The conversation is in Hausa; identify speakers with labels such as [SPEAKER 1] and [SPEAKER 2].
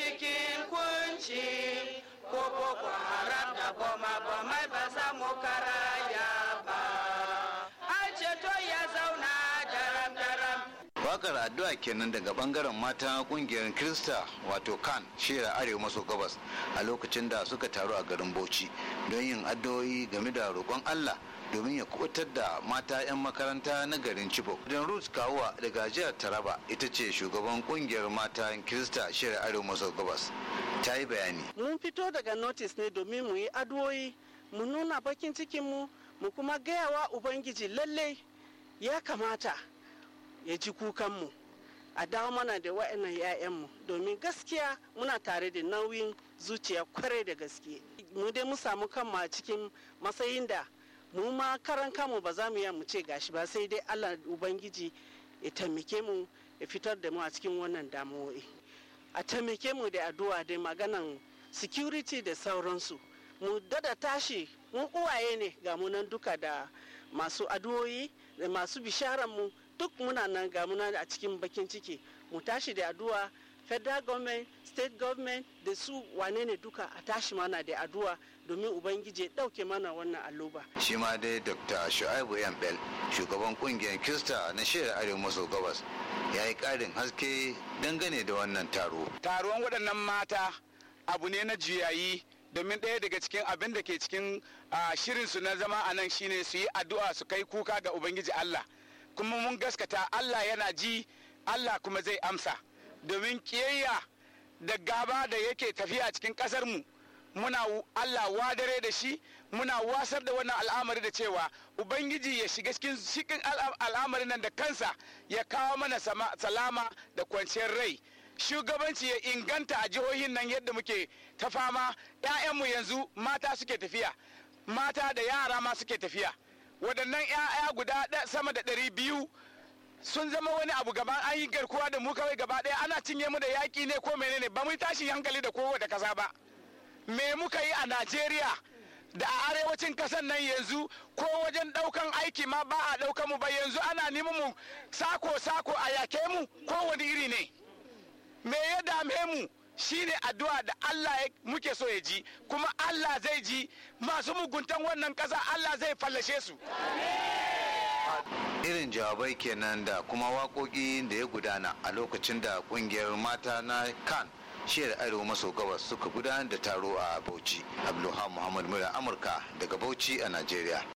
[SPEAKER 1] cikin kunci ko boko haram da boma bomai ba za mu karaya ba an ceto ya zauna daram daram
[SPEAKER 2] Waƙar addu'a kenan daga bangaren mata kungiyar krista wato kan shira arewa maso gabas a lokacin da suka taru a garin bauchi don yin addu'o'i game da roƙon allah domin ya kubutar da mata 'yan makaranta na garin Chibok. Don Ruth Kawuwa daga jihar Taraba ita ce shugaban kungiyar mata Kirista shirya Arewa maso gabas. Ta yi bayani.
[SPEAKER 3] Mun fito daga notice ne domin mu yi adwoyi mu nuna bakin cikinmu mu kuma gayawa Ubangiji lalle ya kamata ya ji kukanmu. a dawo mana da wa'annan 'ya'yanmu domin gaskiya muna tare da nauyin zuciya kwarai da gaske mu dai mu samu kanmu a cikin matsayin da mu ma karan kamu ba za mu yi mu ce gashi ba sai dai allah ubangiji ya taimake mu ya fitar da mu a cikin wannan damuwoyi a taimake mu da addu'a da maganan security da sauransu mu dada tashi mu uwaye ne ga munan duka da masu addu'o'i da masu bisharan mu duk muna nan ga muna a cikin bakin ciki mu tashi da addu'a federal government state government da su wane ne duka a tashi mana da addu'a domin ubangiji ya ɗauke mana wannan alloba.
[SPEAKER 2] shi ma dai dr shu'aibu yambel shugaban kungiyar kirista na shirin arewa maso gabas ya yi ƙarin haske dangane da wannan taro taruwan waɗannan mata abu ne na juyayi
[SPEAKER 4] domin ɗaya daga cikin abin da ke cikin shirinsu na zama a nan shine su yi addu'a su kai kuka ga ubangiji allah kuma mun gaskata allah yana ji allah kuma zai amsa domin kiyayya da gaba da yake tafiya cikin ƙasarmu muna Allah wadare da shi muna wasar da wannan al'amari da cewa ubangiji ya shiga cikin cikin al'amarin nan da kansa ya kawo mana salama da kwanciyar rai shugabanci ya inganta a jihohin nan yadda muke ta fama 'ya'yanmu yanzu mata suke tafiya mata da yara ma suke tafiya waɗannan 'ya'ya guda sama da ɗari biyu sun zama wani abu gaba an yi garkuwa da mu kawai gaba daya ana cinye mu da yaƙi ne ko menene ba mu tashi hankali da da kasa ba me muka yi a najeriya da a arewacin kasan nan yanzu ko wajen ɗaukan aiki ma ba a ɗaukan mu ba yanzu ana neman mu sako sako a yake mu ko wani iri ne me ya dame mu shine addu'a da Allah muke so ya ji kuma Allah zai ji masu muguntan wannan ƙasa Allah zai fallashe su. Amen.
[SPEAKER 2] irin jawabai kenan da kuma waƙoƙi da ya gudana a lokacin da ƙungiyar mata na kan shiyar arewa maso gabas suka gudanar da taro a bauchi abdulhamu muhammad mura amurka daga bauchi a najeriya